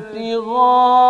ابتغاء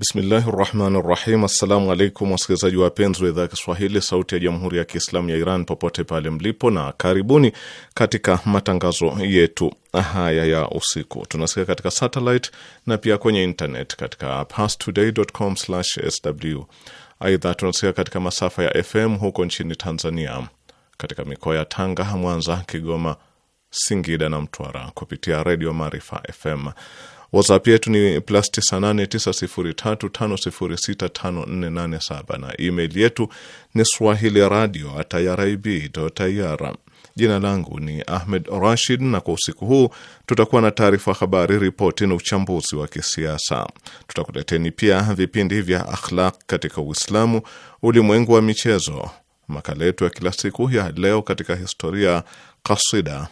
Bismillahi rahmani rahim. Assalamu alaikum wasikilizaji wapenzi wa idhaa ya Kiswahili sauti ya jamhuri ya Kiislamu ya Iran popote pale mlipo, na karibuni katika matangazo yetu haya ya usiku. Tunasikia katika satellite na pia kwenye internet katika pastodaycom sw Aidha, tunasikia katika masafa ya FM huko nchini Tanzania, katika mikoa ya Tanga, Mwanza, Kigoma, Singida na Mtwara kupitia redio Maarifa FM. WhatsApp yetu ni plus 989035065487 na email yetu ni swahili radio atirib ir. Jina langu ni Ahmed Rashid, na kwa usiku huu tutakuwa na taarifa habari, ripoti na uchambuzi wa kisiasa. Tutakuleteni pia vipindi vya akhlaq katika Uislamu, ulimwengu wa michezo, makala yetu ya kila siku ya leo katika historia, kasida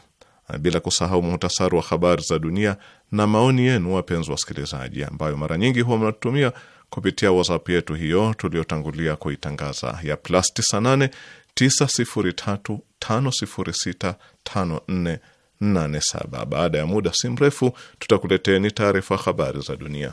Eh, bila kusahau muhtasari wa habari za dunia na maoni yenu, wapenzi wasikilizaji, ambayo mara nyingi huwa mnatutumia kupitia WhatsApp yetu hiyo tuliyotangulia kuitangaza ya plus 98 903 506 5487. Baada ya muda si mrefu tutakuleteni taarifa habari za dunia.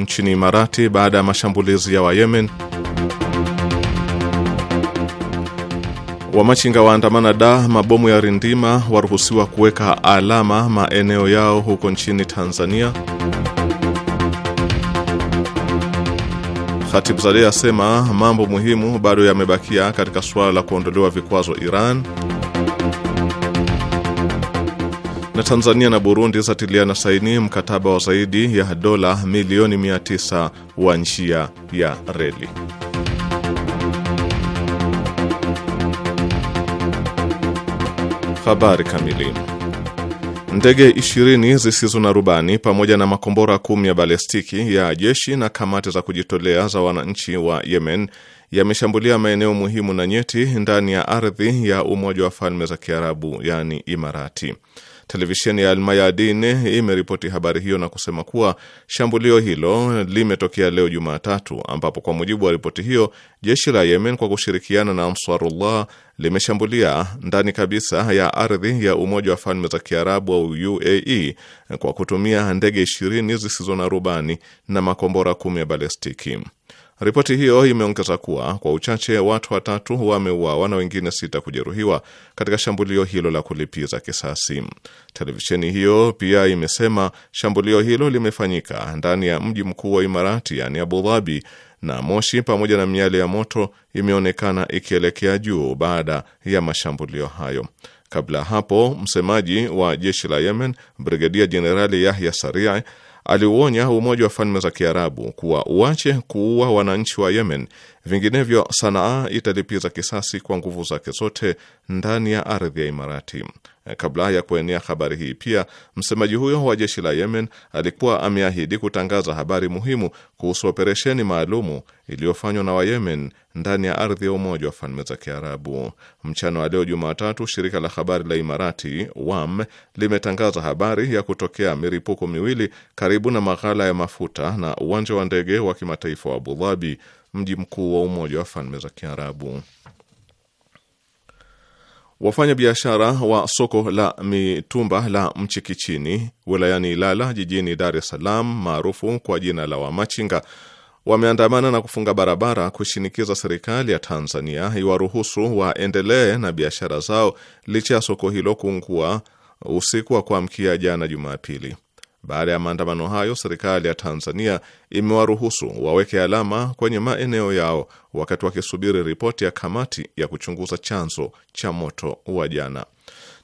nchini Imarati baada ya mashambulizi ya Wayemen. Wamachinga waandamana da mabomu ya rindima waruhusiwa kuweka alama maeneo yao huko nchini Tanzania. Khatibzadeh asema mambo muhimu bado yamebakia katika suala la kuondolewa vikwazo Iran. na Tanzania na Burundi zatiliana saini mkataba wa zaidi ya dola milioni 900 wa njia ya reli. Habari kamili. Ndege ishirini zisizo na rubani pamoja na makombora kumi ya balestiki ya jeshi na kamati za kujitolea za wananchi wa Yemen yameshambulia maeneo muhimu na nyeti ndani ya ardhi ya Umoja wa Falme za Kiarabu, yaani Imarati. Televisheni ya Almayadini imeripoti habari hiyo na kusema kuwa shambulio hilo limetokea leo Jumatatu, ambapo kwa mujibu wa ripoti hiyo jeshi la Yemen kwa kushirikiana na Ansarullah limeshambulia ndani kabisa ya ardhi ya Umoja wa Falme za Kiarabu au UAE kwa kutumia ndege ishirini zisizo na rubani na makombora kumi ya balestiki. Ripoti hiyo imeongeza kuwa kwa uchache watu watatu wameuawa na wengine sita kujeruhiwa katika shambulio hilo la kulipiza kisasi. Televisheni hiyo pia imesema shambulio hilo limefanyika ndani ya mji mkuu wa Imarati, yani Abu Dhabi, na moshi pamoja na miale ya moto imeonekana ikielekea juu baada ya mashambulio hayo. Kabla ya hapo, msemaji wa jeshi la Yemen, Brigedia Jenerali Yahya Saria, aliuonya Umoja wa Falme za Kiarabu kuwa uache kuua wananchi wa Yemen, vinginevyo Sanaa italipiza kisasi kwa nguvu zake zote ndani ya ardhi ya Imarati. Kabla ya kuenea habari hii, pia msemaji huyo wa jeshi la Yemen alikuwa ameahidi kutangaza habari muhimu kuhusu operesheni maalumu iliyofanywa na Wayemen ndani ya ardhi ya Umoja wa Falme za Kiarabu. Mchana wa leo Jumatatu, shirika la habari la Imarati WAM limetangaza habari ya kutokea milipuko miwili karibu na maghala ya mafuta na uwanja wa ndege wa kimataifa wa Abu Dhabi, mji mkuu wa Umoja wa Falme za Kiarabu. Wafanyabiashara wa soko la mitumba la Mchikichini wilayani Ilala jijini Dar es Salaam maarufu kwa jina la Wamachinga wameandamana na kufunga barabara kushinikiza serikali ya Tanzania iwaruhusu waendelee na biashara zao licha ya soko hilo kuungua usiku wa kuamkia jana Jumapili. Baada ya maandamano hayo, serikali ya Tanzania imewaruhusu waweke alama kwenye maeneo yao wakati wakisubiri ripoti ya kamati ya kuchunguza chanzo cha moto wa jana.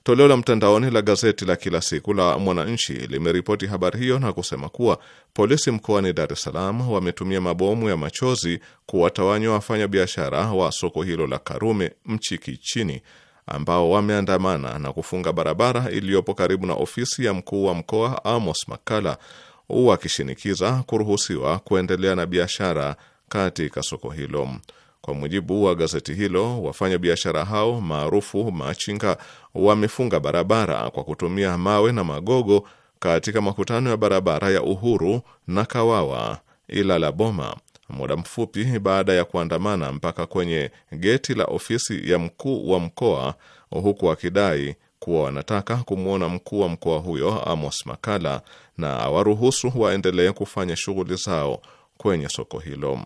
Toleo la mtandaoni la gazeti la kila siku la Mwananchi limeripoti habari hiyo na kusema kuwa polisi mkoani Dar es Salaam wametumia mabomu ya machozi kuwatawanya wafanyabiashara wa soko hilo la Karume Mchikichini ambao wameandamana na kufunga barabara iliyopo karibu na ofisi ya mkuu wa mkoa Amos Makala wakishinikiza kuruhusiwa kuendelea na biashara katika soko hilo. Kwa mujibu wa gazeti hilo, wafanyabiashara hao maarufu machinga wamefunga barabara kwa kutumia mawe na magogo katika makutano ya barabara ya Uhuru na Kawawa ila la Boma muda mfupi baada ya kuandamana mpaka kwenye geti la ofisi ya mkuu wa mkoa huku wakidai kuwa wanataka kumwona mkuu wa mkoa huyo Amos Makala na awaruhusu waendelee kufanya shughuli zao kwenye soko hilo.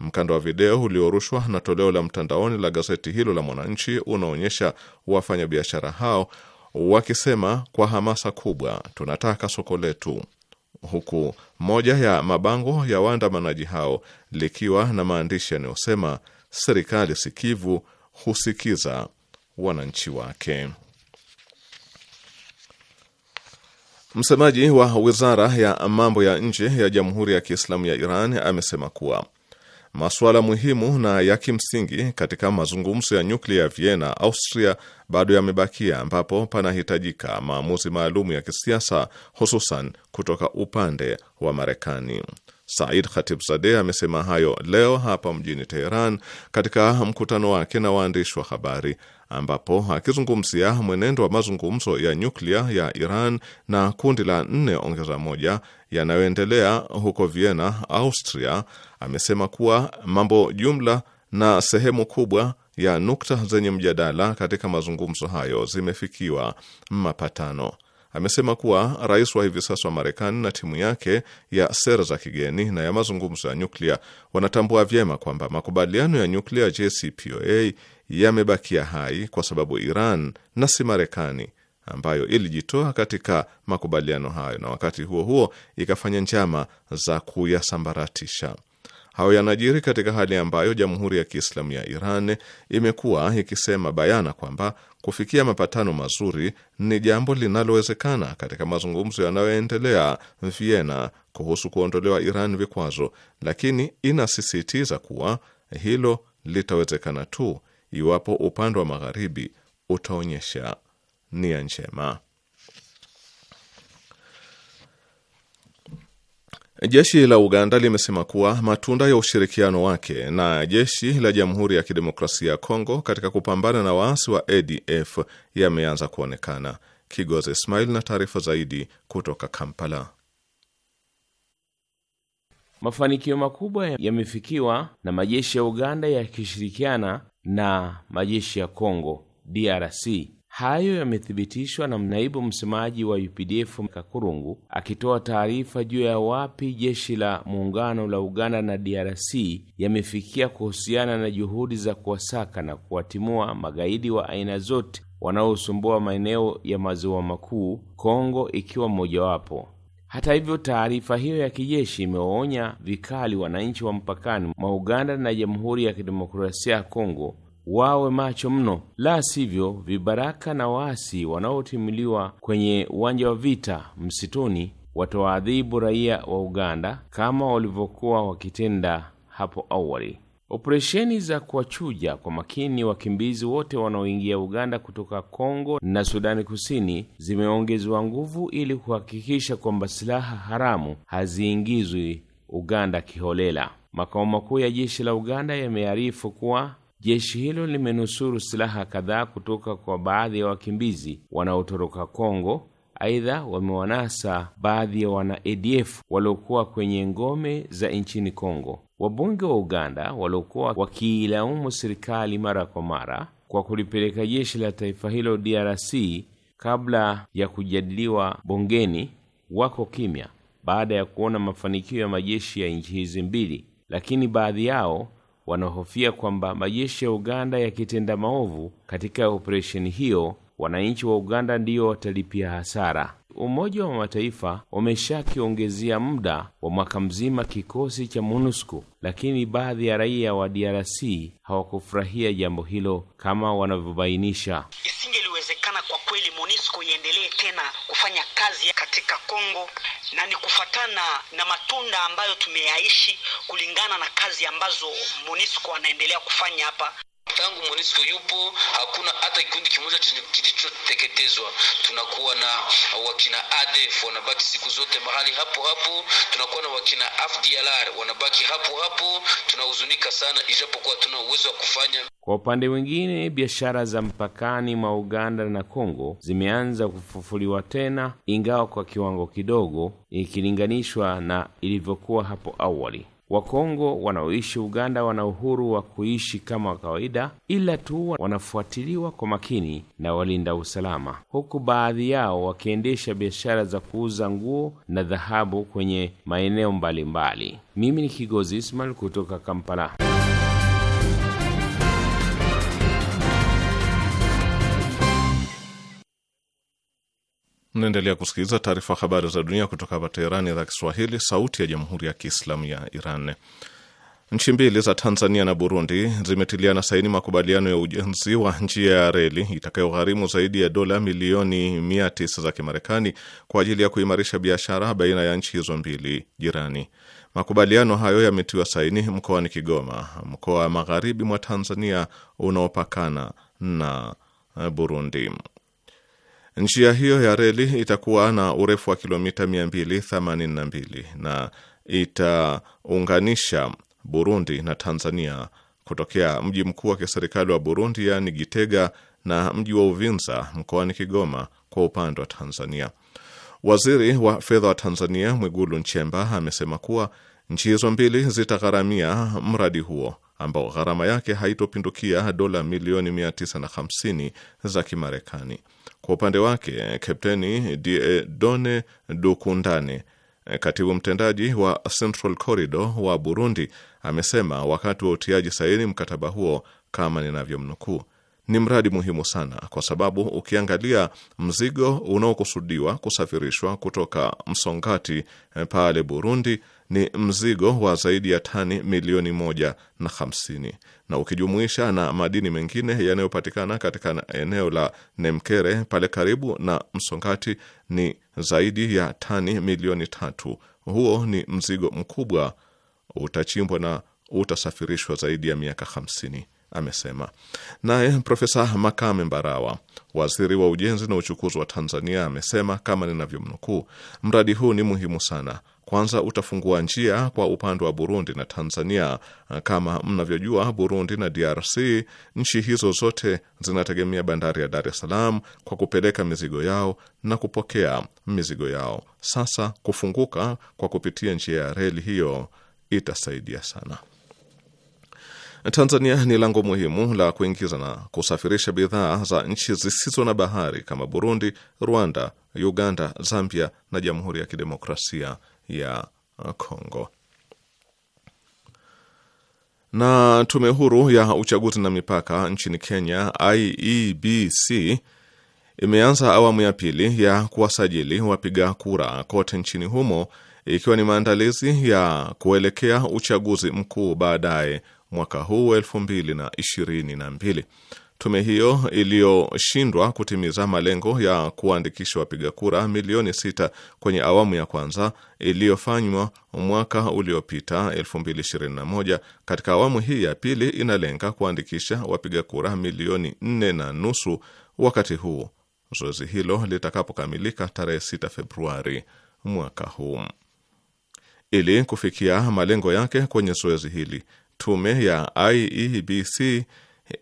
Mkanda wa video uliorushwa na toleo la mtandaoni la gazeti hilo la Mwananchi unaonyesha wafanyabiashara hao wakisema kwa hamasa kubwa, tunataka soko letu, huku moja ya mabango ya waandamanaji hao likiwa na maandishi yanayosema serikali sikivu husikiza wananchi wake. Msemaji wa wizara ya mambo ya nje ya Jamhuri ya Kiislamu ya Iran amesema kuwa Masuala muhimu na ya kimsingi katika mazungumzo ya nyuklia ya Vienna, Austria, bado yamebakia, ambapo panahitajika maamuzi maalum ya kisiasa, hususan kutoka upande wa Marekani. Said Khatibzadeh amesema hayo leo hapa mjini Teheran katika mkutano wake na waandishi wa habari ambapo akizungumzia mwenendo wa mazungumzo ya nyuklia ya Iran na kundi la nne ongeza moja yanayoendelea huko Vienna, Austria, amesema kuwa mambo jumla na sehemu kubwa ya nukta zenye mjadala katika mazungumzo hayo zimefikiwa mapatano. Amesema kuwa rais wa hivi sasa wa Marekani na timu yake ya sera za kigeni na ya mazungumzo ya nyuklia wanatambua vyema kwamba makubaliano ya nyuklia JCPOA yamebakia hai kwa sababu Iran na si Marekani ambayo ilijitoa katika makubaliano hayo na wakati huo huo ikafanya njama za kuyasambaratisha. Hayo yanajiri katika hali ambayo Jamhuri ya Kiislamu ya Iran imekuwa ikisema bayana kwamba kufikia mapatano mazuri ni jambo linalowezekana katika mazungumzo yanayoendelea Vienna kuhusu kuondolewa Iran vikwazo, lakini inasisitiza kuwa hilo litawezekana tu iwapo upande wa magharibi utaonyesha nia njema. Jeshi la Uganda limesema kuwa matunda ya ushirikiano wake na jeshi la Jamhuri ya Kidemokrasia ya Kongo katika kupambana na waasi wa ADF yameanza kuonekana. Kigozi Ismail na taarifa zaidi kutoka Kampala. Mafanikio makubwa yamefikiwa na majeshi ya Uganda yakishirikiana na majeshi ya Kongo DRC. Hayo yamethibitishwa na naibu msemaji wa UPDF Kakurungu akitoa taarifa juu ya wapi jeshi la muungano la Uganda na DRC yamefikia kuhusiana na juhudi za kuwasaka na kuwatimua magaidi wa aina zote wanaosumbua maeneo ya maziwa makuu, Kongo ikiwa mmojawapo. Hata hivyo, taarifa hiyo ya kijeshi imewaonya vikali wananchi wa mpakani mwa Uganda na Jamhuri ya Kidemokrasia ya Kongo wawe macho mno, la sivyo vibaraka na waasi wanaotimiliwa kwenye uwanja wa vita msituni watawaadhibu raia wa Uganda kama walivyokuwa wakitenda hapo awali. Operesheni za kuwachuja kwa makini wakimbizi wote wanaoingia Uganda kutoka Kongo na Sudani Kusini zimeongezewa nguvu ili kuhakikisha kwamba silaha haramu haziingizwi Uganda kiholela. Makao makuu ya jeshi la Uganda yamearifu kuwa jeshi hilo limenusuru silaha kadhaa kutoka kwa baadhi ya wakimbizi wanaotoroka Kongo Aidha, wamewanasa baadhi ya wana ADF waliokuwa kwenye ngome za nchini Kongo. Wabunge wa Uganda waliokuwa wakiilaumu serikali mara kwa mara kwa kulipeleka jeshi la taifa hilo DRC kabla ya kujadiliwa bungeni wako kimya baada ya kuona mafanikio ya majeshi ya nchi hizi mbili, lakini baadhi yao wanahofia kwamba majeshi ya Uganda yakitenda maovu katika operesheni hiyo wananchi wa Uganda ndiyo watalipia hasara. Umoja wa Mataifa umeshakiongezea muda wa mwaka mzima kikosi cha MONUSCO, lakini baadhi ya raia wa DRC hawakufurahia jambo hilo kama wanavyobainisha. Isingeliwezekana kwa kweli MONUSCO iendelee tena kufanya kazi katika Kongo, na ni kufatana na matunda ambayo tumeyaishi kulingana na kazi ambazo MONUSCO anaendelea kufanya hapa. Tangu MONUSCO yupo hakuna hata kikundi kimoja kilichoteketezwa. Tunakuwa na wakina ADF wanabaki siku zote mahali hapo hapo, tunakuwa na wakina FDLR wanabaki hapo hapo. Tunahuzunika sana, ijapokuwa tuna uwezo wa kufanya. Kwa upande mwingine, biashara za mpakani mwa Uganda na Kongo zimeanza kufufuliwa tena, ingawa kwa kiwango kidogo ikilinganishwa na ilivyokuwa hapo awali. Wakongo wanaoishi Uganda wana uhuru wa kuishi kama kawaida, ila tu wanafuatiliwa kwa makini na walinda usalama, huku baadhi yao wakiendesha biashara za kuuza nguo na dhahabu kwenye maeneo mbalimbali. Mimi ni Kigozi Ismail kutoka Kampala. Mnaendelea kusikiliza taarifa habari za dunia kutoka hapa Teherani, idhaa Kiswahili, sauti ya jamhuri ya kiislamu ya Iran. Nchi mbili za Tanzania na Burundi zimetiliana saini makubaliano ya ujenzi wa njia ya reli itakayogharimu zaidi ya dola milioni mia tisa za Kimarekani kwa ajili ya kuimarisha biashara baina ya nchi hizo mbili jirani. Makubaliano hayo yametiwa saini mkoani Kigoma, mkoa wa magharibi mwa Tanzania unaopakana na Burundi. Njia hiyo ya reli itakuwa na urefu wa kilomita 282 na itaunganisha Burundi na Tanzania kutokea mji mkuu wa kiserikali wa Burundi yaani Gitega na mji wa Uvinza mkoani Kigoma kwa upande wa Tanzania. Waziri wa fedha wa Tanzania Mwigulu Nchemba amesema kuwa nchi hizo mbili zitagharamia mradi huo ambao gharama yake haitopindukia dola milioni 950 za Kimarekani. Kwa upande wake Kapteni Diedone Dukundane, katibu mtendaji wa Central Corridor wa Burundi, amesema wakati wa utiaji saini mkataba huo, kama ninavyomnukuu, ni mradi muhimu sana kwa sababu ukiangalia mzigo unaokusudiwa kusafirishwa kutoka Msongati eh, pale Burundi ni mzigo wa zaidi ya tani milioni moja na hamsini na ukijumuisha na madini mengine yanayopatikana katika eneo la Nemkere pale karibu na Msongati ni zaidi ya tani milioni tatu. Huo ni mzigo mkubwa, utachimbwa na utasafirishwa zaidi ya miaka hamsini, amesema. Naye Profesa Makame Mbarawa, waziri wa ujenzi na uchukuzi wa Tanzania, amesema kama ninavyomnukuu, mradi huu ni muhimu sana kwanza utafungua njia kwa upande wa Burundi na Tanzania. Ah, kama mnavyojua, Burundi na DRC, nchi hizo zote zinategemea bandari ya Dar es Salaam kwa kupeleka mizigo yao na kupokea mizigo yao. Sasa kufunguka kwa kupitia njia ya reli hiyo itasaidia sana. Tanzania ni lango muhimu la kuingiza na kusafirisha bidhaa za nchi zisizo na bahari kama Burundi, Rwanda, Uganda, Zambia na Jamhuri ya Kidemokrasia ya Kongo. Uh, na tume huru ya uchaguzi na mipaka nchini Kenya, IEBC, imeanza awamu ya pili ya kuwasajili wapiga kura kote nchini humo ikiwa ni maandalizi ya kuelekea uchaguzi mkuu baadaye mwaka huu elfu mbili na ishirini na mbili. Tume hiyo iliyoshindwa kutimiza malengo ya kuandikisha wapiga kura milioni sita kwenye awamu ya kwanza iliyofanywa mwaka uliopita 2021, katika awamu hii ya pili inalenga kuandikisha wapiga kura milioni nne na nusu wakati huu zoezi hilo litakapokamilika tarehe 6 Februari mwaka huu. Ili kufikia malengo yake kwenye zoezi hili, tume ya IEBC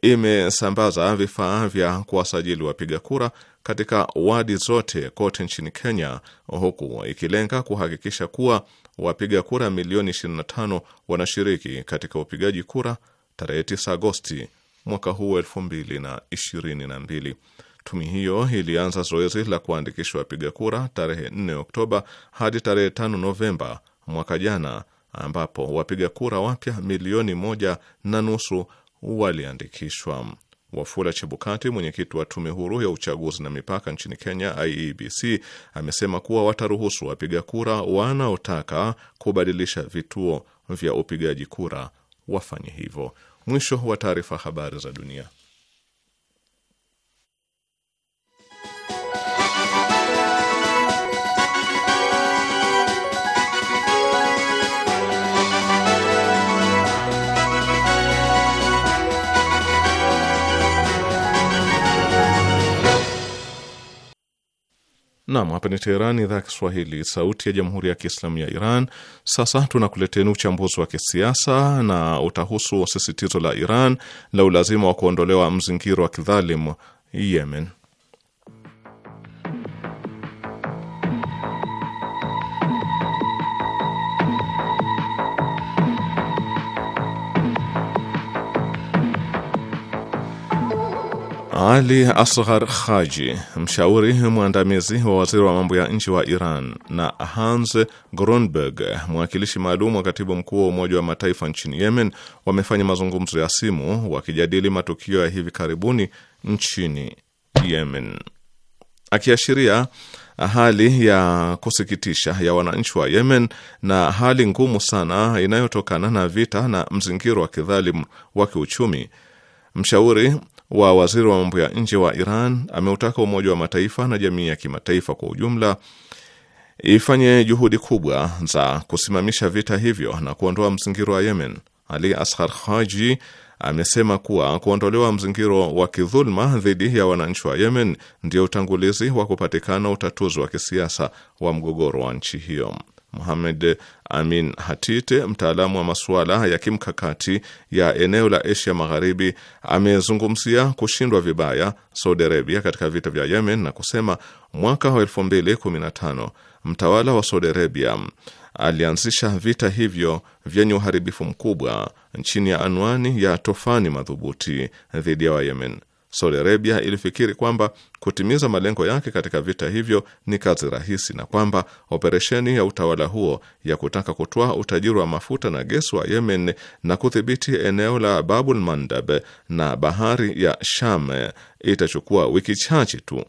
imesambaza vifaa vya kuwasajili wapiga kura katika wadi zote kote nchini Kenya, huku ikilenga kuhakikisha kuwa wapiga kura milioni 25 wanashiriki katika upigaji kura tarehe 9 Agosti mwaka huu 2022. Tume hiyo ilianza zoezi la kuandikisha wapiga kura tarehe 4 Oktoba hadi tarehe 5 Novemba mwaka jana, ambapo wapiga kura wapya milioni moja na nusu waliandikishwa. Wafula Chebukati, mwenyekiti wa tume huru ya uchaguzi na mipaka nchini Kenya, IEBC, amesema kuwa wataruhusu wapiga kura wanaotaka kubadilisha vituo vya upigaji kura wafanye hivyo. Mwisho wa taarifa. Habari za dunia. Nam, hapa ni Teheran, idhaa ya Kiswahili, sauti ya jamhuri ya kiislamu ya Iran. Sasa tunakuleteni uchambuzi wa kisiasa na utahusu sisitizo la Iran la ulazima wa kuondolewa mzingiro wa kidhalimu Yemen. Ali Asghar Khaji, mshauri mwandamizi wa waziri wa mambo ya nchi wa Iran, na Hans Grunberg, mwakilishi maalum wa katibu mkuu wa Umoja wa Mataifa nchini Yemen, wamefanya mazungumzo ya simu wakijadili matukio ya hivi karibuni nchini Yemen, akiashiria hali ya kusikitisha ya wananchi wa Yemen na hali ngumu sana inayotokana na vita na mzingiro wa kidhalimu wa kiuchumi. Mshauri wa waziri wa mambo ya nje wa Iran ameutaka Umoja wa Mataifa na jamii ya kimataifa kwa ujumla ifanye juhudi kubwa za kusimamisha vita hivyo na kuondoa mzingiro wa Yemen. Ali Asghar Haji amesema kuwa kuondolewa mzingiro wa kidhulma dhidi ya wananchi wa Yemen ndio utangulizi wa kupatikana utatuzi wa kisiasa wa mgogoro wa nchi hiyo muhamed Amin Hatite, mtaalamu wa masuala ya kimkakati ya eneo la Asia Magharibi, amezungumzia kushindwa vibaya Saudi Arabia katika vita vya Yemen na kusema mwaka wa 2015 mtawala wa Saudi Arabia alianzisha vita hivyo vyenye uharibifu mkubwa chini ya anwani ya tofani madhubuti dhidi ya Wayemen. Saudi Arabia ilifikiri kwamba kutimiza malengo yake katika vita hivyo ni kazi rahisi na kwamba operesheni ya utawala huo ya kutaka kutoa utajiri wa mafuta na gesi wa Yemen na kudhibiti eneo la Babul Mandab na bahari ya Sham itachukua wiki chache tu.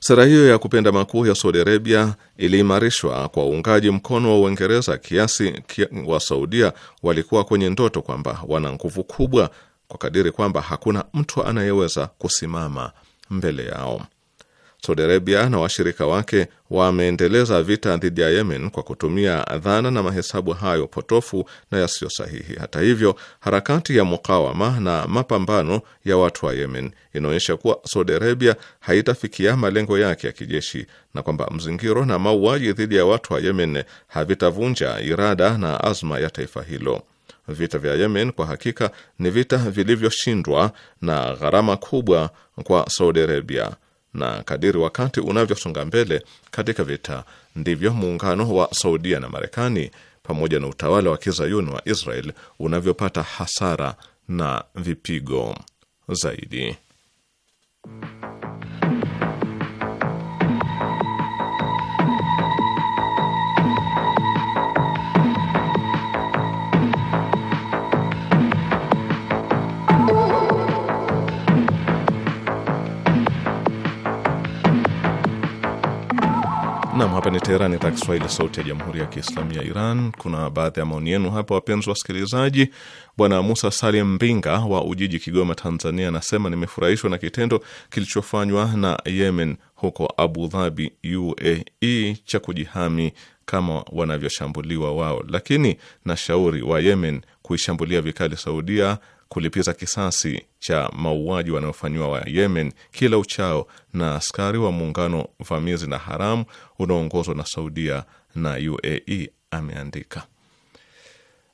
Sera hiyo ya kupenda makuu ya Saudi Arabia iliimarishwa kwa uungaji mkono wa Uingereza kiasi kia, wa Saudia walikuwa kwenye ndoto kwamba wana nguvu kubwa kwa kadiri kwamba hakuna mtu anayeweza kusimama mbele yao. Saudi Arabia na washirika wake wameendeleza vita dhidi ya Yemen kwa kutumia dhana na mahesabu hayo potofu na yasiyo sahihi. Hata hivyo, harakati ya mukawama na mapambano ya watu wa Yemen inaonyesha kuwa Saudi Arabia haitafikia malengo yake ya kijeshi na kwamba mzingiro na mauaji dhidi ya watu wa Yemen havitavunja irada na azma ya taifa hilo. Vita vya Yemen kwa hakika ni vita vilivyoshindwa na gharama kubwa kwa Saudi Arabia, na kadiri wakati unavyosonga mbele katika vita ndivyo muungano wa Saudia na Marekani pamoja na utawala wa kizayuni wa Israel unavyopata hasara na vipigo zaidi. Nam, hapa ni Teherani, idhaa Kiswahili, sauti ya jamhuri ya kiislamu ya Iran. Kuna baadhi ya maoni yenu hapa, wapenzi wasikilizaji. Bwana Musa Salim Mbinga wa Ujiji, Kigoma, Tanzania, anasema nimefurahishwa na kitendo kilichofanywa na Yemen huko Abu Dhabi, UAE, cha kujihami kama wanavyoshambuliwa wao, lakini na shauri wa Yemen kuishambulia vikali Saudia kulipiza kisasi cha mauaji wanaofanyiwa wa Yemen kila uchao na askari wa muungano vamizi na haramu unaoongozwa na Saudia na UAE, ameandika.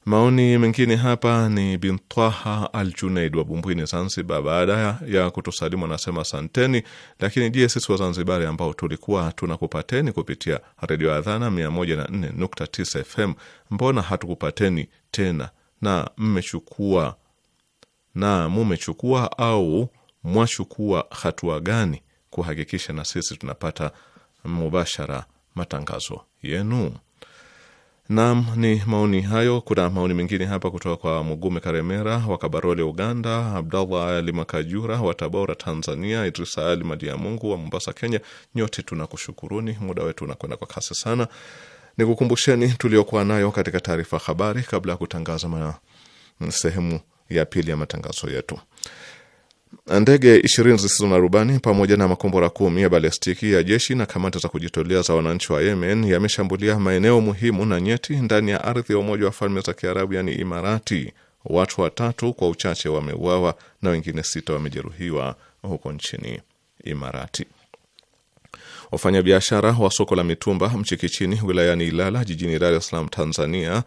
Maoni mengine hapa ni Bintwaha Al Junaid wa Bumbwini, Zanzibar. Baada ya kutusalimu, anasema santeni, lakini je, sisi wa ambao tulikuwa tunakupateni kupitia redio Adhana 104.9 FM, mbona hatukupateni tena na mmechukua na mumechukua au mwachukua hatua gani kuhakikisha na sisi tunapata mubashara matangazo yenu? Naam, ni maoni hayo. Kuna maoni mengine hapa kutoka kwa Mugume Karemera wa Kabarole, Uganda, Abdallah Ali Makajura wa Tabora, Tanzania, Idrisa Ali Madi ya Mungu wa Mombasa, Kenya. Nyote tunakushukuruni, muda wetu unakwenda kwa kasi sana. Nikukumbusheni tuliokuwa nayo katika taarifa habari kabla ya kutangaza sehemu ya pili ya matangazo yetu. Ndege ishirini zisizo na rubani pamoja na makombora kumi ya balestiki ya jeshi na kamati za kujitolea za wananchi wa Yemen yameshambulia maeneo muhimu na nyeti ndani ya ardhi ya Umoja wa Falme za Kiarabu, yani Imarati. Watu watatu kwa uchache wameuawa na wengine sita wamejeruhiwa huko nchini Imarati. Wafanyabiashara wa soko la mitumba Mchikichini wilayani Ilala jijini Dar es Salaam, Tanzania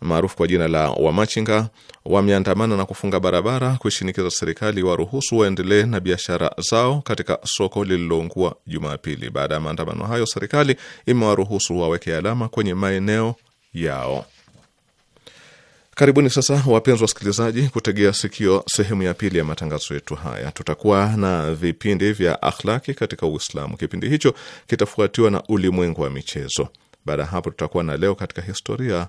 maarufu kwa jina la wamachinga wameandamana na kufunga barabara kuishinikiza serikali waruhusu waendelee na biashara zao katika soko lililoungua Jumapili. Baada ya maandamano hayo, serikali imewaruhusu waweke alama kwenye maeneo yao. Karibuni sasa, wapenzi wasikilizaji, kutegea sikio sehemu ya pili ya matangazo yetu haya. Tutakuwa na vipindi vya akhlaki katika Uislamu. Kipindi hicho kitafuatiwa na ulimwengu wa michezo. Baada ya hapo, tutakuwa na leo katika historia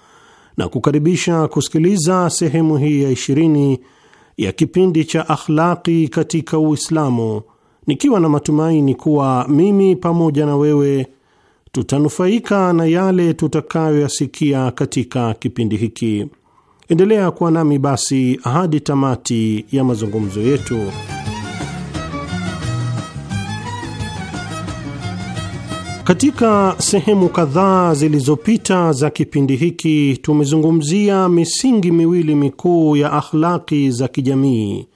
na kukaribisha kusikiliza sehemu hii ya ishirini ya kipindi cha Akhlaqi katika Uislamu, nikiwa na matumaini kuwa mimi pamoja na wewe tutanufaika na yale tutakayoyasikia katika kipindi hiki. Endelea kuwa nami basi hadi tamati ya mazungumzo yetu. Katika sehemu kadhaa zilizopita za kipindi hiki tumezungumzia misingi miwili mikuu ya akhlaki za kijamii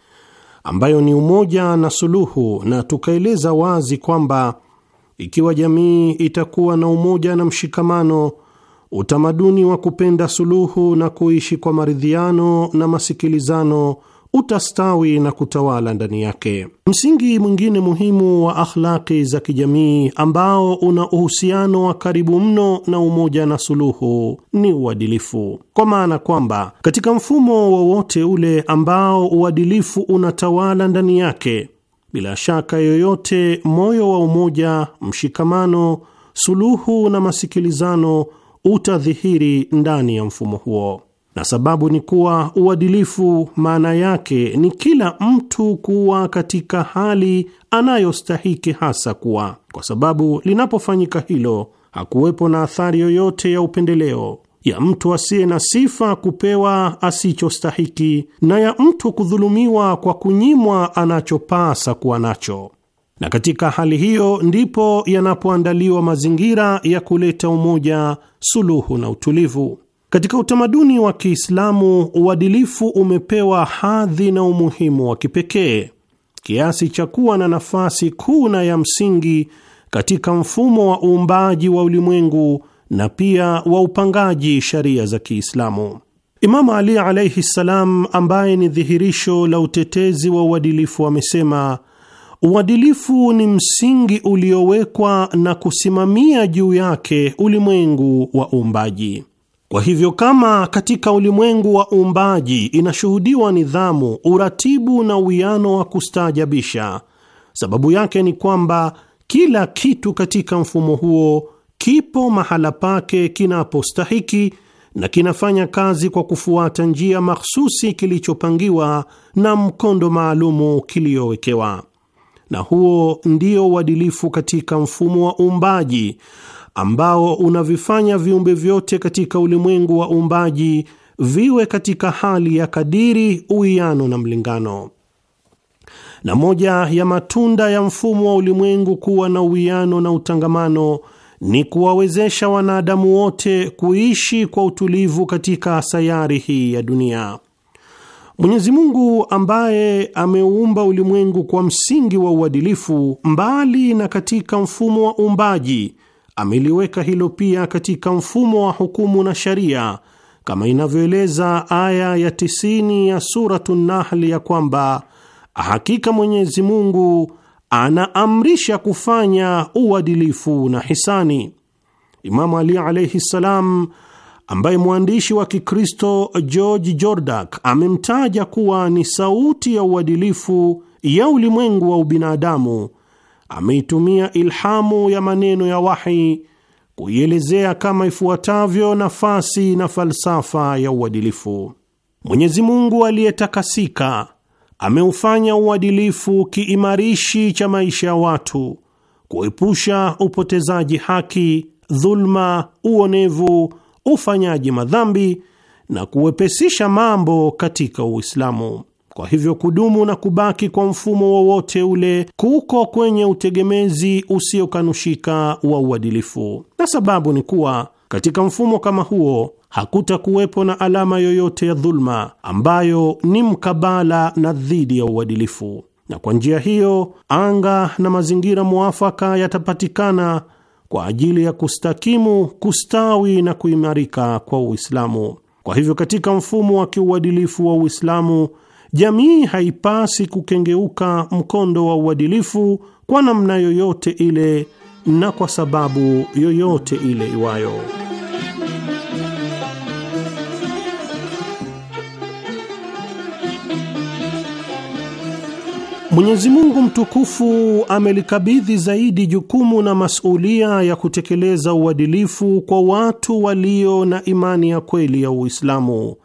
ambayo ni umoja na suluhu, na tukaeleza wazi kwamba ikiwa jamii itakuwa na umoja na mshikamano, utamaduni wa kupenda suluhu na kuishi kwa maridhiano na masikilizano utastawi na kutawala ndani yake. Msingi mwingine muhimu wa akhlaki za kijamii ambao una uhusiano wa karibu mno na umoja na suluhu ni uadilifu, kwa maana kwamba katika mfumo wowote ule ambao uadilifu unatawala ndani yake, bila shaka yoyote, moyo wa umoja, mshikamano, suluhu na masikilizano utadhihiri ndani ya mfumo huo na sababu ni kuwa uadilifu maana yake ni kila mtu kuwa katika hali anayostahiki hasa kuwa, kwa sababu linapofanyika hilo hakuwepo na athari yoyote ya upendeleo ya mtu asiye na sifa kupewa asichostahiki na ya mtu kudhulumiwa kwa kunyimwa anachopasa kuwa nacho. Na katika hali hiyo ndipo yanapoandaliwa mazingira ya kuleta umoja, suluhu na utulivu. Katika utamaduni wa Kiislamu, uadilifu umepewa hadhi na umuhimu wa kipekee kiasi cha kuwa na nafasi kuu na ya msingi katika mfumo wa uumbaji wa ulimwengu na pia wa upangaji sharia za Kiislamu. Imamu Ali alaihi ssalam, ambaye ni dhihirisho la utetezi wa uadilifu, amesema uadilifu ni msingi uliowekwa na kusimamia juu yake ulimwengu wa uumbaji. Kwa hivyo kama katika ulimwengu wa uumbaji inashuhudiwa nidhamu, uratibu na uwiano wa kustaajabisha, sababu yake ni kwamba kila kitu katika mfumo huo kipo mahala pake kinapostahiki na kinafanya kazi kwa kufuata njia mahsusi kilichopangiwa na mkondo maalumu kiliyowekewa. Na huo ndio uadilifu katika mfumo wa uumbaji ambao unavifanya viumbe vyote katika ulimwengu wa uumbaji viwe katika hali ya kadiri, uwiano na mlingano. Na moja ya matunda ya mfumo wa ulimwengu kuwa na uwiano na utangamano ni kuwawezesha wanadamu wote kuishi kwa utulivu katika sayari hii ya dunia. Mwenyezi Mungu ambaye ameuumba ulimwengu kwa msingi wa uadilifu, mbali na katika mfumo wa uumbaji, ameliweka hilo pia katika mfumo wa hukumu na sharia kama inavyoeleza aya ya tisini ya Suratu Nahli ya kwamba hakika Mwenyezi Mungu anaamrisha kufanya uadilifu na hisani. Imamu Ali alaihi ssalam, ambaye mwandishi wa Kikristo George Jordak amemtaja kuwa ni sauti ya uadilifu ya ulimwengu wa ubinadamu ameitumia ilhamu ya maneno ya wahi kuielezea kama ifuatavyo nafasi na falsafa ya uadilifu. Mwenyezi Mungu aliyetakasika ameufanya uadilifu kiimarishi cha maisha ya watu, kuepusha upotezaji haki, dhulma, uonevu, ufanyaji madhambi na kuwepesisha mambo katika Uislamu. Kwa hivyo kudumu na kubaki kwa mfumo wowote ule kuko kwenye utegemezi usiokanushika wa uadilifu, na sababu ni kuwa katika mfumo kama huo hakutakuwepo na alama yoyote ya dhuluma ambayo ni mkabala na dhidi ya uadilifu, na kwa njia hiyo anga na mazingira muafaka yatapatikana kwa ajili ya kustakimu, kustawi na kuimarika kwa Uislamu. Kwa hivyo katika mfumo wa kiuadilifu wa Uislamu jamii haipasi kukengeuka mkondo wa uadilifu kwa namna yoyote ile na kwa sababu yoyote ile iwayo. Mwenyezi Mungu mtukufu amelikabidhi zaidi jukumu na masulia ya kutekeleza uadilifu kwa watu walio na imani ya kweli ya Uislamu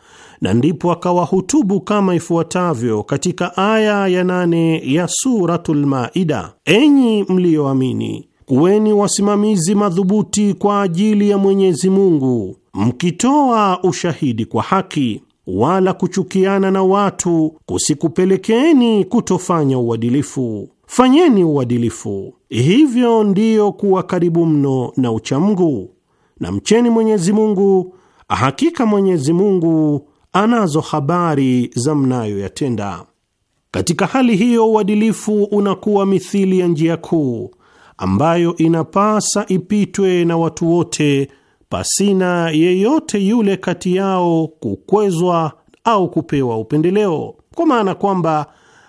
na ndipo akawahutubu kama ifuatavyo katika aya ya nane ya Suratul Maida: enyi mliyoamini, kuweni wasimamizi madhubuti kwa ajili ya Mwenyezi Mungu, mkitoa ushahidi kwa haki, wala kuchukiana na watu kusikupelekeni kutofanya uadilifu. Fanyeni uadilifu, hivyo ndiyo kuwa karibu mno na uchamgu na mcheni Mwenyezi Mungu, hakika Mwenyezi Mungu anazo habari za mnayoyatenda. Katika hali hiyo, uadilifu unakuwa mithili ya njia kuu ambayo inapasa ipitwe na watu wote pasina yeyote yule kati yao kukwezwa au kupewa upendeleo, kwa maana kwamba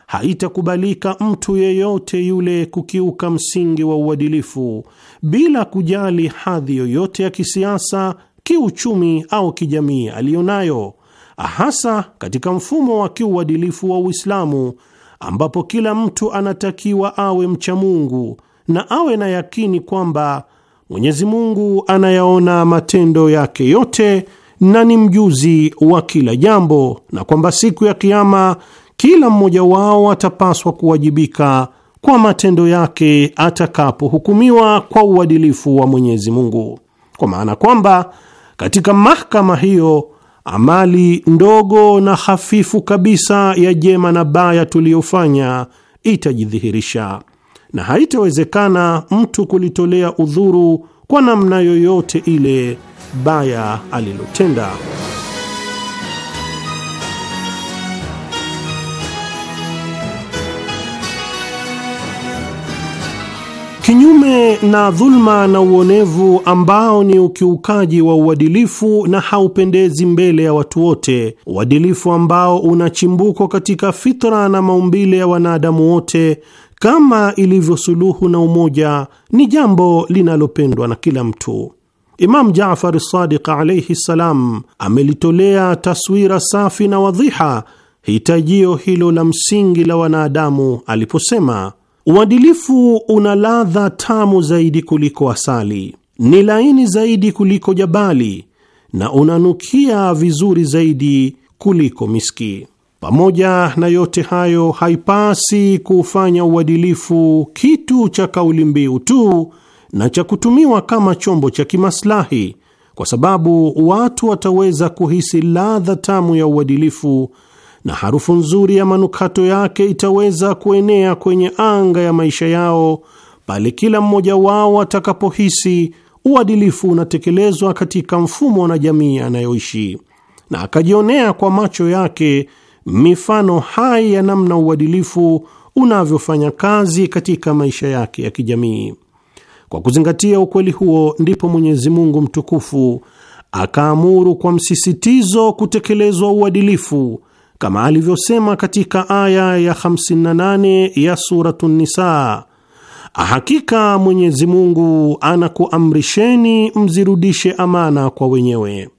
haitakubalika mtu yeyote yule kukiuka msingi wa uadilifu bila kujali hadhi yoyote ya kisiasa, kiuchumi au kijamii aliyo nayo hasa katika mfumo wa kiuadilifu wa Uislamu ambapo kila mtu anatakiwa awe mcha Mungu na awe na yakini kwamba Mwenyezi Mungu anayaona matendo yake yote na ni mjuzi wa kila jambo, na kwamba siku ya Kiama kila mmoja wao atapaswa kuwajibika kwa matendo yake atakapohukumiwa kwa uadilifu wa Mwenyezi Mungu, kwa maana kwamba katika mahakama hiyo amali ndogo na hafifu kabisa ya jema na baya tuliyofanya itajidhihirisha, na haitawezekana mtu kulitolea udhuru kwa namna yoyote ile baya alilotenda. Kinyume na dhulma na uonevu ambao ni ukiukaji wa uadilifu na haupendezi mbele ya watu wote, uadilifu ambao una chimbuko katika fitra na maumbile ya wanadamu wote kama ilivyo suluhu na umoja, ni jambo linalopendwa na kila mtu. Imam Jafar Sadiq alaihi ssalam amelitolea taswira safi na wadhiha hitajio hilo la msingi la wanadamu aliposema Uadilifu una ladha tamu zaidi kuliko asali, ni laini zaidi kuliko jabali, na unanukia vizuri zaidi kuliko miski. Pamoja na yote hayo, haipasi kuufanya uadilifu kitu cha kauli mbiu tu na cha kutumiwa kama chombo cha kimaslahi, kwa sababu watu wataweza kuhisi ladha tamu ya uadilifu na harufu nzuri ya manukato yake itaweza kuenea kwenye anga ya maisha yao pale kila mmoja wao atakapohisi uadilifu unatekelezwa katika mfumo na jamii anayoishi, na akajionea kwa macho yake mifano hai ya namna uadilifu unavyofanya kazi katika maisha yake ya kijamii. Kwa kuzingatia ukweli huo, ndipo Mwenyezi Mungu mtukufu akaamuru kwa msisitizo kutekelezwa uadilifu kama alivyosema katika aya ya 58 ya suratu Nisa, hakika Mwenyezi Mungu anakuamrisheni mzirudishe amana kwa wenyewe,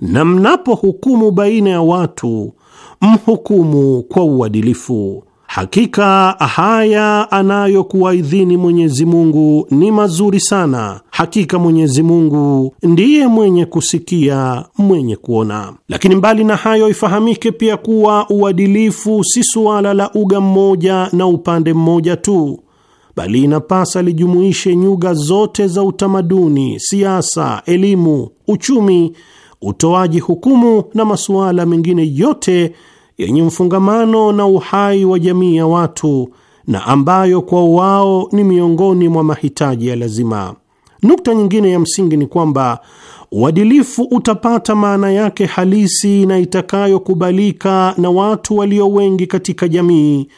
na mnapohukumu baina ya watu mhukumu kwa uadilifu Hakika haya anayokuwaidhini Mwenyezi Mungu ni mazuri sana. Hakika Mwenyezi Mungu ndiye mwenye kusikia, mwenye kuona. Lakini mbali na hayo, ifahamike pia kuwa uadilifu si suala la uga mmoja na upande mmoja tu, bali inapasa lijumuishe nyuga zote za utamaduni, siasa, elimu, uchumi, utoaji hukumu na masuala mengine yote yenye mfungamano na uhai wa jamii ya watu na ambayo kwa wao ni miongoni mwa mahitaji ya lazima. Nukta nyingine ya msingi ni kwamba uadilifu utapata maana yake halisi na itakayokubalika na watu walio wengi katika jamii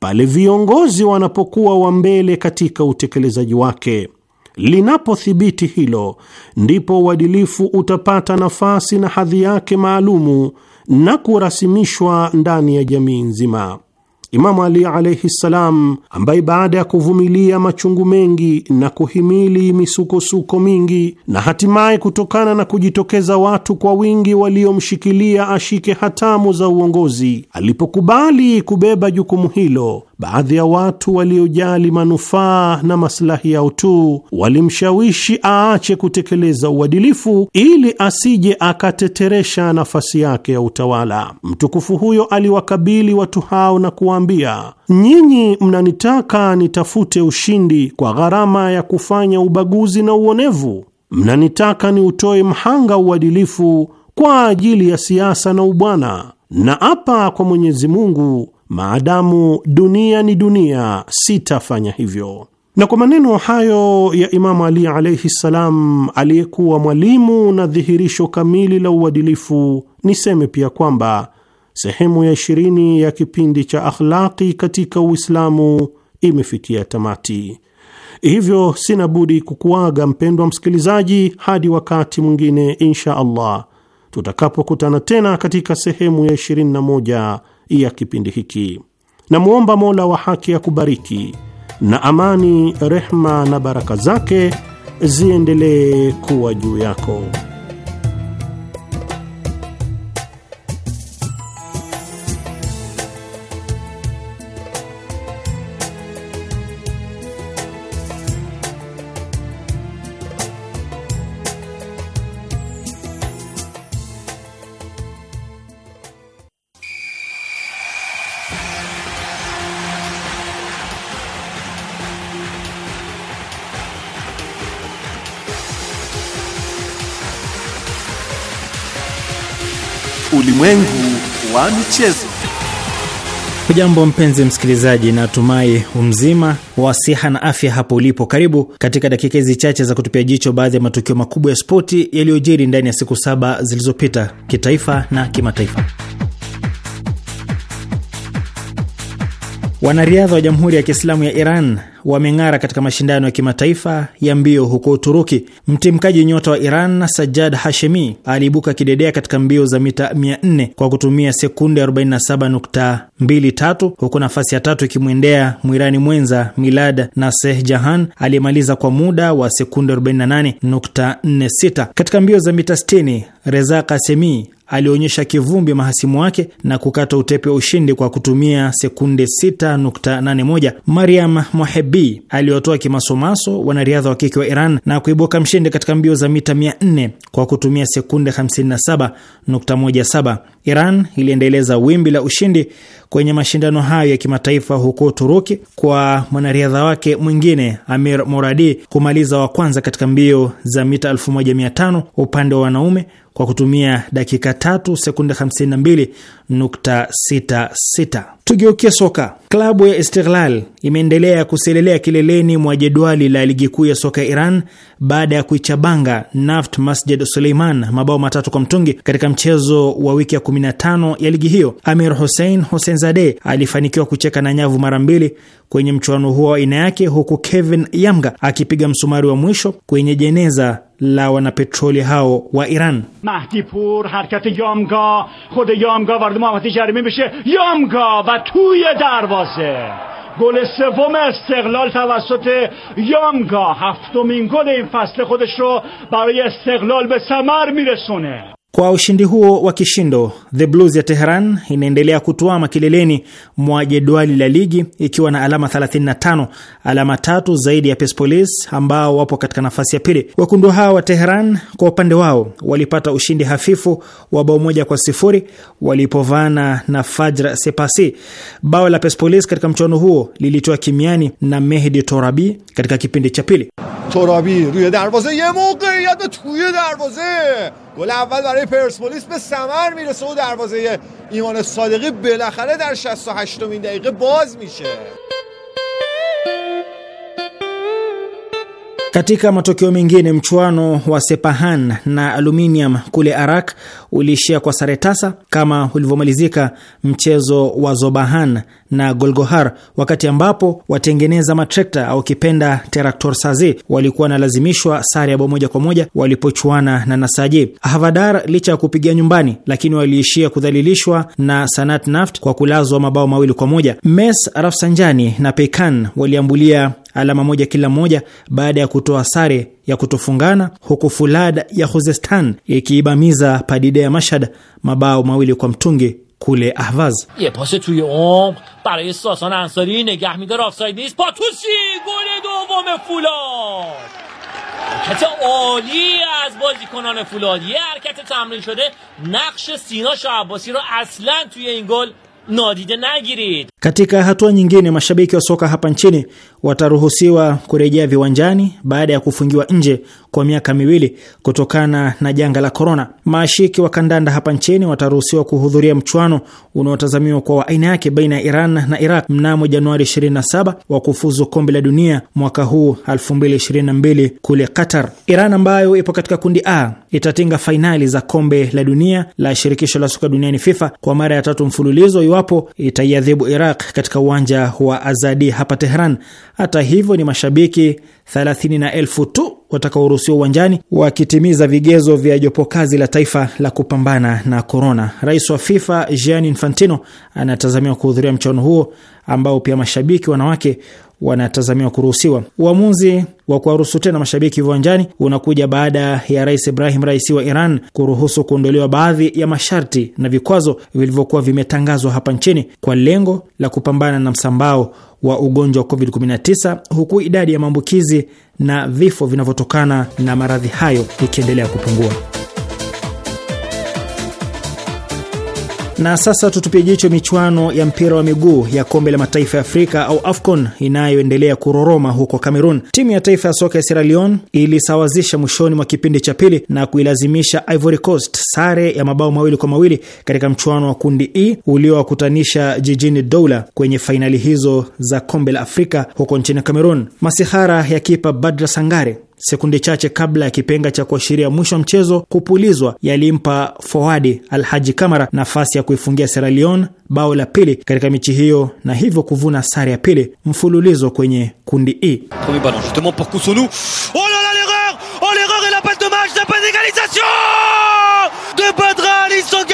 pale viongozi wanapokuwa wa mbele katika utekelezaji wake. Linapothibiti hilo, ndipo uadilifu utapata nafasi na hadhi yake maalumu na kurasimishwa ndani ya jamii nzima. Imamu Ali alaihi ssalam, ambaye baada ya kuvumilia machungu mengi na kuhimili misukosuko mingi na hatimaye kutokana na kujitokeza watu kwa wingi waliomshikilia ashike hatamu za uongozi, alipokubali kubeba jukumu hilo baadhi ya watu waliojali manufaa na maslahi yao tu walimshawishi aache kutekeleza uadilifu ili asije akateteresha nafasi yake ya utawala. Mtukufu huyo aliwakabili watu hao na kuwaambia, nyinyi mnanitaka nitafute ushindi kwa gharama ya kufanya ubaguzi na uonevu? Mnanitaka niutoe mhanga uadilifu kwa ajili ya siasa na ubwana? Na apa kwa Mwenyezi Mungu maadamu dunia ni dunia, sitafanya hivyo. Na kwa maneno hayo ya Imamu Ali alaihi ssalam, aliyekuwa mwalimu na dhihirisho kamili la uadilifu, niseme pia kwamba sehemu ya ishirini ya kipindi cha akhlaqi katika Uislamu imefikia tamati. Hivyo sina budi kukuaga mpendwa msikilizaji, hadi wakati mwingine insha Allah tutakapokutana tena katika sehemu ya 21 ya kipindi hiki. Namwomba Mola wa haki ya kubariki na amani, rehma na baraka zake ziendelee kuwa juu yako. michezo. Hujambo mpenzi msikilizaji, natumai umzima wa siha na afya hapo ulipo. Karibu katika dakika hizi chache za kutupia jicho baadhi ya matukio makubwa ya spoti yaliyojiri ndani ya siku saba zilizopita kitaifa na kimataifa. Wanariadha wa Jamhuri ya Kiislamu ya Iran wameng'ara katika mashindano ya kimataifa ya mbio huko Uturuki. Mtimkaji nyota wa Iran sajad Hashemi aliibuka kidedea katika mbio za mita 400 kwa kutumia sekunde 47.23 huku nafasi ya tatu ikimwendea mwirani mwenza Milad Naseh Jahan aliyemaliza kwa muda wa sekunde 48.46. Katika mbio za mita 60 Reza Kasemi alionyesha kivumbi mahasimu wake na kukata utepe wa ushindi kwa kutumia sekunde 6.81. Mariam Mohebi aliwatoa kimasomaso wanariadha wa kike wa Iran na kuibuka mshindi katika mbio za mita 400 kwa kutumia sekunde 57.17. Iran iliendeleza wimbi la ushindi kwenye mashindano hayo ya kimataifa huko Uturuki kwa mwanariadha wake mwingine Amir Moradi kumaliza wa kwanza katika mbio za mita 1500 upande wa wanaume kwa kutumia dakika 3 sekunde 52.66 tugeukie soka. Klabu ya Istiklal imeendelea kuselelea kileleni mwa jedwali la ligi kuu ya soka ya Iran baada ya kuichabanga Naft Masjid Suleiman mabao matatu kwa mtungi katika mchezo wa wiki ya 15 ya ligi hiyo. Amir Hussein Zade alifanikiwa kucheka na nyavu mara mbili kwenye mchuano huo wa aina yake, huku Kevin Yamga akipiga msumari wa mwisho kwenye jeneza la wanapetroli hao wa Iran. Mahdipur harakati Yamga khud Yamga varde muhamati jarimi mishe Yamga توی دروازه گل سوم استقلال توسط یامگا هفتمین گل این فصل خودش رو برای استقلال به ثمر میرسونه Kwa ushindi huo wa kishindo, The Blues ya Teheran inaendelea kutwama kileleni mwa jedwali la ligi ikiwa na alama 35, alama tatu zaidi ya Persepolis ambao wapo katika nafasi ya pili. Wekundu hawa wa Teheran kwa upande wao walipata ushindi hafifu wa bao moja kwa sifuri walipovana na Fajr Sepasi. Bao la Persepolis katika mchuano huo lilitoa kimiani na Mehdi Torabi katika kipindi cha pili. Torabi ruye darvaze ye tuye darvaze گل اول برای پرسپولیس به ثمر میرسه و دروازه ایمان صادقی بالاخره در 68 مین دقیقه باز میشه Katika matokeo mengine, mchuano wa Sepahan na Aluminium kule Arak uliishia kwa sare tasa kama ulivyomalizika mchezo wa Zobahan na Golgohar, wakati ambapo watengeneza matrekta au kipenda Teraktor Sazi walikuwa wanalazimishwa sare ya bao moja kwa moja walipochuana na Nasaji Havadar. Licha ya kupiga nyumbani, lakini waliishia kudhalilishwa na Sanat Naft kwa kulazwa mabao mawili kwa moja. Mes Rafsanjani na Pekan waliambulia alama moja kila moja baada ya kutoa sare ya kutofungana, huku Fulad ya Khuzestan ikiibamiza Padide ya Mashhad mabao mawili kwa mtungi kule Ahvaz. عالی از بازیکنان فولاد یه حرکت تمرین شده نقش سینا شعباسی رو اصلا توی این گل Katika hatua nyingine, mashabiki wa soka hapa nchini wataruhusiwa kurejea viwanjani baada ya kufungiwa nje kwa miaka miwili kutokana na janga la korona. Maashiki wa kandanda hapa nchini wataruhusiwa kuhudhuria mchuano unaotazamiwa kwa wa aina yake baina ya Iran na Iraq mnamo Januari 27 wa kufuzu kombe la dunia mwaka huu 2022 kule Qatar. Iran ambayo ipo katika kundi A itatinga fainali za kombe la dunia la shirikisho la soka duniani FIFA kwa mara ya tatu mfululizo iwapo itaiadhibu Iraq katika uwanja wa Azadi hapa Tehran. Hata hivyo ni mashabiki thelathini na elfu tu watakaoruhusiwa uwanjani wakitimiza vigezo vya jopo kazi la taifa la kupambana na korona. Rais wa FIFA Gianni Infantino anatazamiwa kuhudhuria mchuano huo ambao pia mashabiki wanawake wanatazamiwa kuruhusiwa. Uamuzi wa kuwaruhusu tena mashabiki viwanjani unakuja baada ya Rais Ibrahim Raisi wa Iran kuruhusu kuondolewa baadhi ya masharti na vikwazo vilivyokuwa vimetangazwa hapa nchini kwa lengo la kupambana na msambao wa ugonjwa wa COVID-19 huku idadi ya maambukizi na vifo vinavyotokana na maradhi hayo ikiendelea kupungua. Na sasa tutupie jicho michuano ya mpira wa miguu ya kombe la mataifa ya Afrika au AFCON inayoendelea kuroroma huko Cameroon. Timu ya taifa ya soka ya Sierra Leone ilisawazisha mwishoni mwa kipindi cha pili na kuilazimisha Ivory Coast sare ya mabao mawili kwa mawili katika mchuano wa kundi E uliowakutanisha jijini doula kwenye fainali hizo za kombe la Afrika huko nchini Cameroon. Masihara ya kipa Badra Sangare Sekunde chache kabla ya kipenga cha kuashiria mwisho wa mchezo kupulizwa, yalimpa fowadi Alhaji Kamara nafasi ya kuifungia Sierra Leone bao la pili katika michi hiyo na hivyo kuvuna sare ya pili mfululizo kwenye kundi E. Oh oh,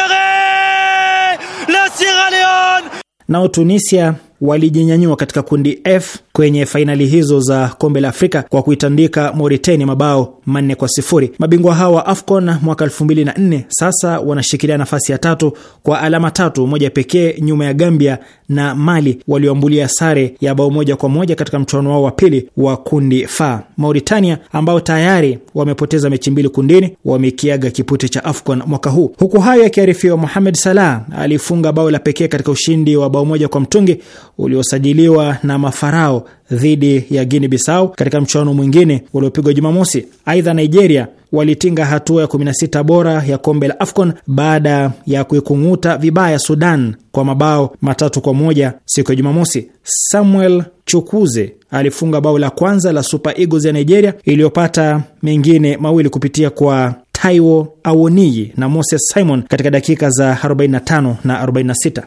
Nao Tunisia walijinyanyua katika kundi F kwenye fainali hizo za kombe la Afrika kwa kuitandika Mauritania mabao manne kwa sifuri. Mabingwa hawa wa AFCON mwaka 2004 sasa wanashikilia nafasi ya tatu kwa alama tatu, moja pekee nyuma ya Gambia na Mali walioambulia sare ya bao moja kwa moja katika mchuano wao wa pili wa kundi F. Mauritania ambao tayari wamepoteza mechi mbili kundini, wamekiaga kipute cha AFCON mwaka huu. Huku hayo yakiarifiwa, Mohamed Salah alifunga bao la pekee katika ushindi wa bao moja kwa mtungi uliosajiliwa na mafarao dhidi ya Guinea Bissau katika mchuano mwingine uliopigwa Jumamosi. Aidha, Nigeria walitinga hatua ya 16 bora ya kombe la AFCON baada ya kuikung'uta vibaya Sudan kwa mabao matatu kwa moja siku ya Jumamosi. Samuel Chukuze alifunga bao la kwanza la Super Eagles ya Nigeria iliyopata mengine mawili kupitia kwa Taiwo Awoniyi na Moses Simon katika dakika za 45 na 46.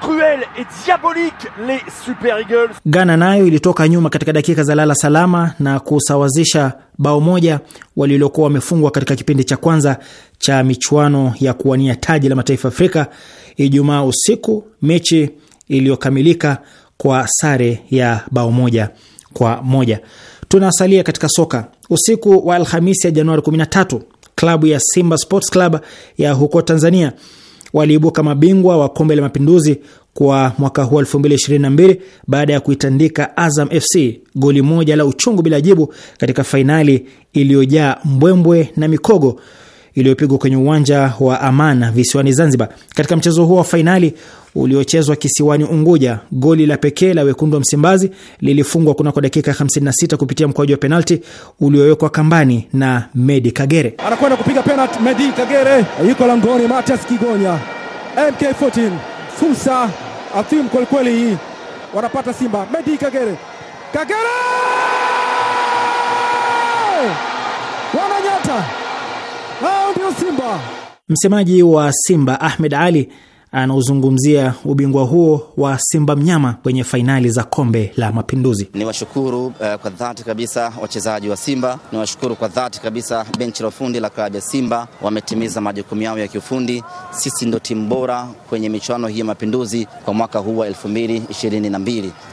Cruel et les Super Eagles. Ghana nayo ilitoka nyuma katika dakika za lala salama na kusawazisha bao moja walilokuwa wamefungwa katika kipindi cha kwanza cha michuano ya kuwania taji la mataifa Afrika Ijumaa usiku, mechi iliyokamilika kwa sare ya bao moja kwa moja. Tunasalia katika soka. Usiku wa Alhamisi ya Januari 13, klabu ya Simba Sports Club ya huko Tanzania waliibuka mabingwa wa kombe la mapinduzi kwa mwaka huu 2022 baada ya kuitandika Azam FC goli moja la uchungu bila jibu katika fainali iliyojaa mbwembwe na mikogo iliyopigwa kwenye uwanja wa Amana visiwani Zanzibar. Katika mchezo huo wa fainali uliochezwa kisiwani Unguja, goli la pekee la wekundu wa Msimbazi lilifungwa kunako dakika 56 kupitia mkwaju wa penalti uliowekwa kambani na Medi Kagere. Anakwenda kupiga penalti, Medi Kagere yuko langoni. Matias Kigonya, MK14, fursa Atim, kwelikweli hii wanapata Simba. Medi Kagere, Kagere wananyata hao ndio Simba. Msemaji wa Simba Ahmed Ali anaozungumzia ubingwa huo wa Simba mnyama kwenye fainali za kombe la Mapinduzi. Ni washukuru uh, eh, kwa dhati kabisa wachezaji wa Simba, ni washukuru kwa dhati kabisa benchi la ufundi la klabu ya Simba, wametimiza majukumu yao ya kiufundi. Sisi ndo timu bora kwenye michuano hii ya Mapinduzi kwa mwaka huu wa mbili.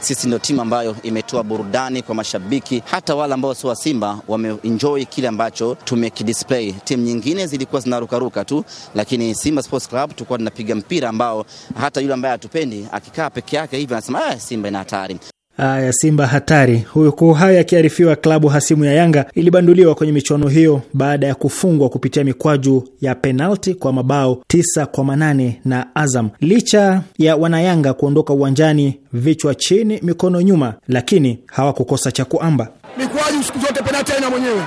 Sisi ndio timu ambayo imetoa burudani kwa mashabiki, hata wale ambao sio wa Simba wameenjoy kile ambacho tumekidisplay. Timu nyingine zilikuwa zinarukaruka tu, lakini Simba Sports Club tulikuwa tunapiga mpira ambao hata yule ambaye hatupendi akikaa peke yake hivi anasema ah, Simba ina hatari. Aya, Simba hatari. Huyu haya akiarifiwa klabu hasimu ya Yanga ilibanduliwa kwenye michuano hiyo baada ya kufungwa kupitia mikwaju ya penalti kwa mabao tisa kwa manane na Azam. Licha ya wanayanga kuondoka uwanjani vichwa chini, mikono nyuma, lakini hawakukosa cha kuamba. Mikwaju siku zote penalti aina mwenyewe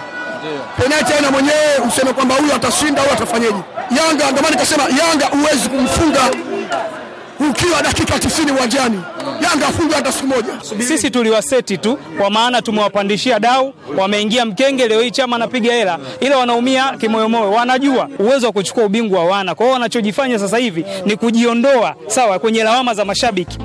penati aina mwenyewe useme kwamba huyu atashinda au atafanyeje. Yanga ndio maana nikasema Yanga huwezi kumfunga ukiwa dakika 90 uwanjani. Yanga afunge hata siku moja. Sisi tuliwaseti tu, kwa maana tumewapandishia dau, wameingia mkenge. Leo hii chama anapiga hela, ila wanaumia kimoyomoyo, wanajua uwezo wa kuchukua ubingwa hawana. Kwa hiyo wanachojifanya sasa hivi ni kujiondoa, sawa, kwenye lawama za mashabiki.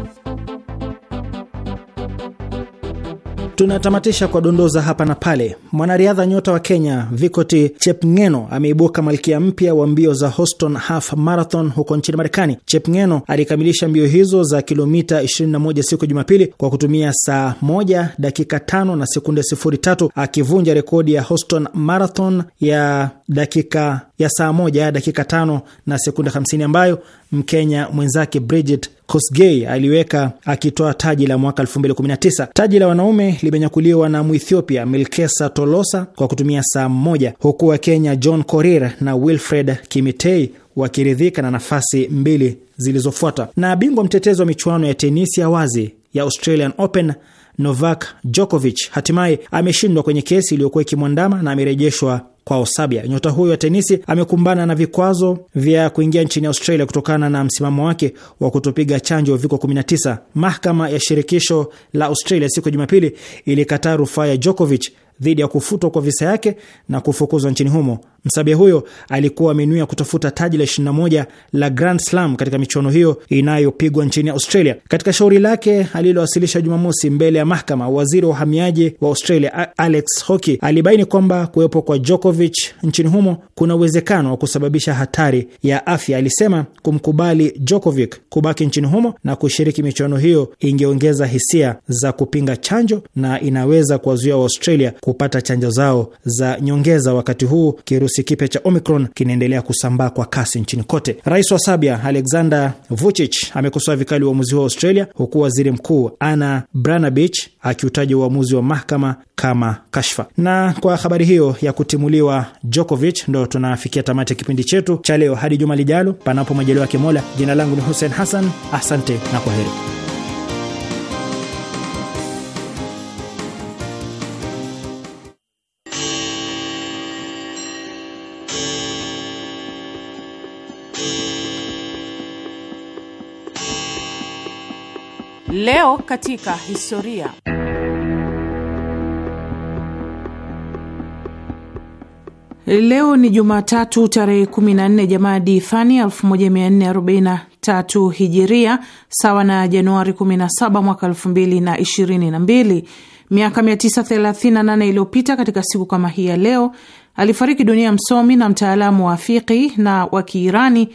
Tunatamatisha kwa dondoza hapa na pale. Mwanariadha nyota wa Kenya Vikoti Chepngeno ameibuka malkia mpya wa mbio za Houston Half Marathon huko nchini Marekani. Chepngeno alikamilisha mbio hizo za kilomita 21 siku ya Jumapili kwa kutumia saa moja dakika tano na sekunde 03, akivunja rekodi ya Houston Marathon ya dakika ya saa moja ya dakika tano na sekunde 50 ambayo Mkenya mwenzake Bridget Kosgei aliweka akitoa taji la mwaka 2019. Taji la wanaume limenyakuliwa na Mwethiopia Milkesa Tolosa kwa kutumia saa moja, huku Wakenya John Korir na Wilfred Kimitei wakiridhika na nafasi mbili zilizofuata. Na bingwa mtetezi wa michuano ya tenisi ya wazi ya Australian Open Novak Djokovic hatimaye ameshindwa kwenye kesi iliyokuwa ikimwandama na amerejeshwa kwao Sabia. Nyota huyo wa tenisi amekumbana na vikwazo vya kuingia nchini Australia kutokana na msimamo wake wa kutopiga chanjo uviko 19. Mahakama ya shirikisho la Australia siku ya Jumapili ilikataa rufaa ya Djokovic dhidi ya kufutwa kwa visa yake na kufukuzwa nchini humo. Msabia huyo alikuwa amenuia kutafuta taji la 21 la Grand Slam katika michuano hiyo inayopigwa nchini Australia. Katika shauri lake alilowasilisha Jumamosi mbele ya mahakama, waziri wa uhamiaji wa Australia Alex Hockey alibaini kwamba kuwepo kwa Djokovic nchini humo kuna uwezekano wa kusababisha hatari ya afya. Alisema kumkubali Djokovic kubaki nchini humo na kushiriki michuano hiyo ingeongeza hisia za kupinga chanjo na inaweza kuwazuia Waaustralia kupata chanjo zao za nyongeza wakati huu kirusi Kirusi kipya cha Omicron kinaendelea kusambaa kwa kasi nchini kote. Rais wa Serbia Alexander Vucic amekosoa vikali uamuzi huo wa Australia, huku waziri mkuu Ana Brnabic akiutaja uamuzi wa mahakama kama kashfa. Na kwa habari hiyo ya kutimuliwa Djokovic, ndo tunafikia tamati ya kipindi chetu cha leo. Hadi juma lijalo, panapo majaliwa yake Mola. Jina langu ni Hussein Hassan, asante na kwa heri. Leo katika historia. Leo ni Jumatatu tarehe 14 Jamadi Fani 1443 Hijiria, sawa na Januari 17 mwaka 2022. Miaka 938 iliyopita katika siku kama hii ya leo alifariki dunia msomi na mtaalamu wa fiqi na wa Kiirani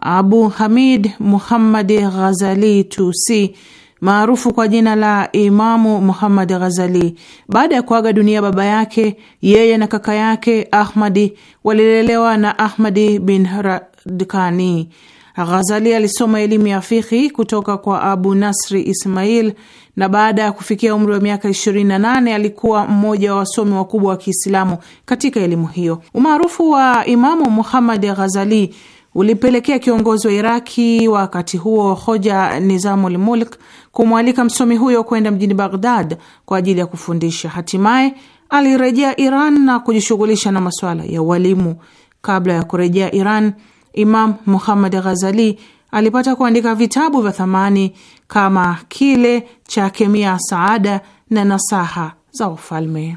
Abu Hamid Muhammad Ghazali Tusi maarufu kwa jina la Imamu Muhammad Ghazali. Baada ya kuaga dunia baba yake, yeye na kaka yake Ahmadi walilelewa na Ahmadi bin Radkani. Ghazali alisoma elimu ya fiqhi kutoka kwa Abu Nasri Ismail na baada ya kufikia umri wa miaka 28 alikuwa mmoja wa wasomi wakubwa wa Kiislamu katika elimu hiyo. Umaarufu wa Imamu Muhammad Ghazali ulipelekea kiongozi wa Iraki wakati huo hoja Nizamul Mulk kumwalika msomi huyo kwenda mjini Baghdad kwa ajili ya kufundisha. Hatimaye alirejea Iran na kujishughulisha na masuala ya ualimu. Kabla ya kurejea Iran, Imam Muhammad Ghazali alipata kuandika vitabu vya thamani kama kile cha Kemia Saada na Nasaha za Ufalme.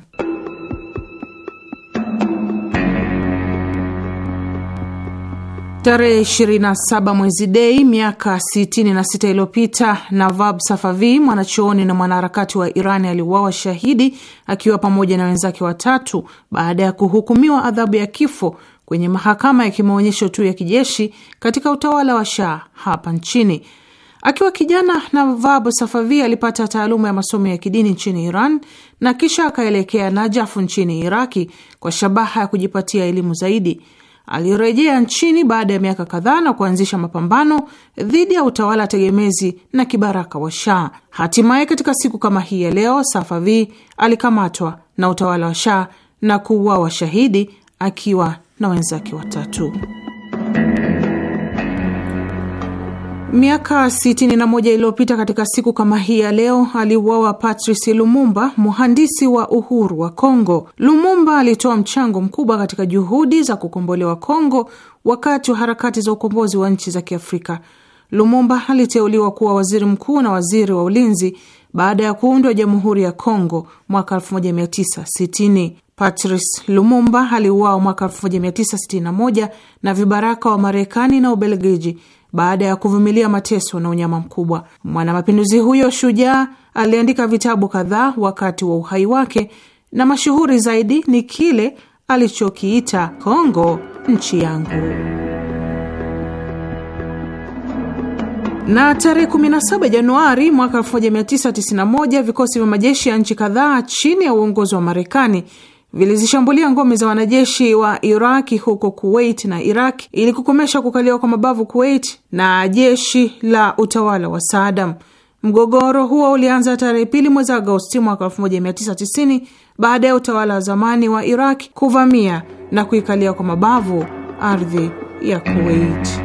Tarehe 27 mwezi Dei miaka 66 iliyopita, Navab Safavi, mwanachuoni na mwanaharakati wa Irani, aliuawa shahidi akiwa pamoja na wenzake watatu baada ya kuhukumiwa adhabu ya kifo kwenye mahakama ya kimaonyesho tu ya kijeshi katika utawala wa Shah hapa nchini. Akiwa kijana, Navab Safavi alipata taaluma ya masomo ya kidini nchini Iran na kisha akaelekea Najafu nchini Iraki kwa shabaha ya kujipatia elimu zaidi. Alirejea nchini baada ya miaka kadhaa na kuanzisha mapambano dhidi ya utawala tegemezi na kibaraka wa Shah. Hatimaye katika siku kama hii ya leo, Safavi alikamatwa na utawala wa Shah na kuuawa shahidi akiwa na wenzake watatu. Miaka 61 iliyopita katika siku kama hii ya leo aliuawa Patrice Lumumba, mhandisi wa uhuru wa Kongo. Lumumba alitoa mchango mkubwa katika juhudi za kukombolewa Kongo wakati wa harakati za ukombozi wa nchi za Kiafrika. Lumumba aliteuliwa kuwa waziri mkuu na waziri wa ulinzi baada ya kuundwa jamhuri ya Kongo mwaka 1960. Patrice Lumumba aliuawa mwaka 1961 na vibaraka wa Marekani na Ubelgiji baada ya kuvumilia mateso na unyama mkubwa. Mwanamapinduzi huyo shujaa aliandika vitabu kadhaa wakati wa uhai wake, na mashuhuri zaidi ni kile alichokiita Kongo nchi yangu. na tarehe 17 Januari mwaka 1991 vikosi vya majeshi ya nchi kadhaa chini ya uongozi wa Marekani vilizishambulia ngome za wanajeshi wa Iraki huko Kuwait na Iraq ili kukomesha kukaliwa kwa mabavu Kuwait na jeshi la utawala wa Saddam. Mgogoro huo ulianza tarehe pili mwezi Agosti mwaka 1990 baada ya utawala wa zamani wa Iraq kuvamia na kuikalia kwa mabavu ardhi ya Kuwait.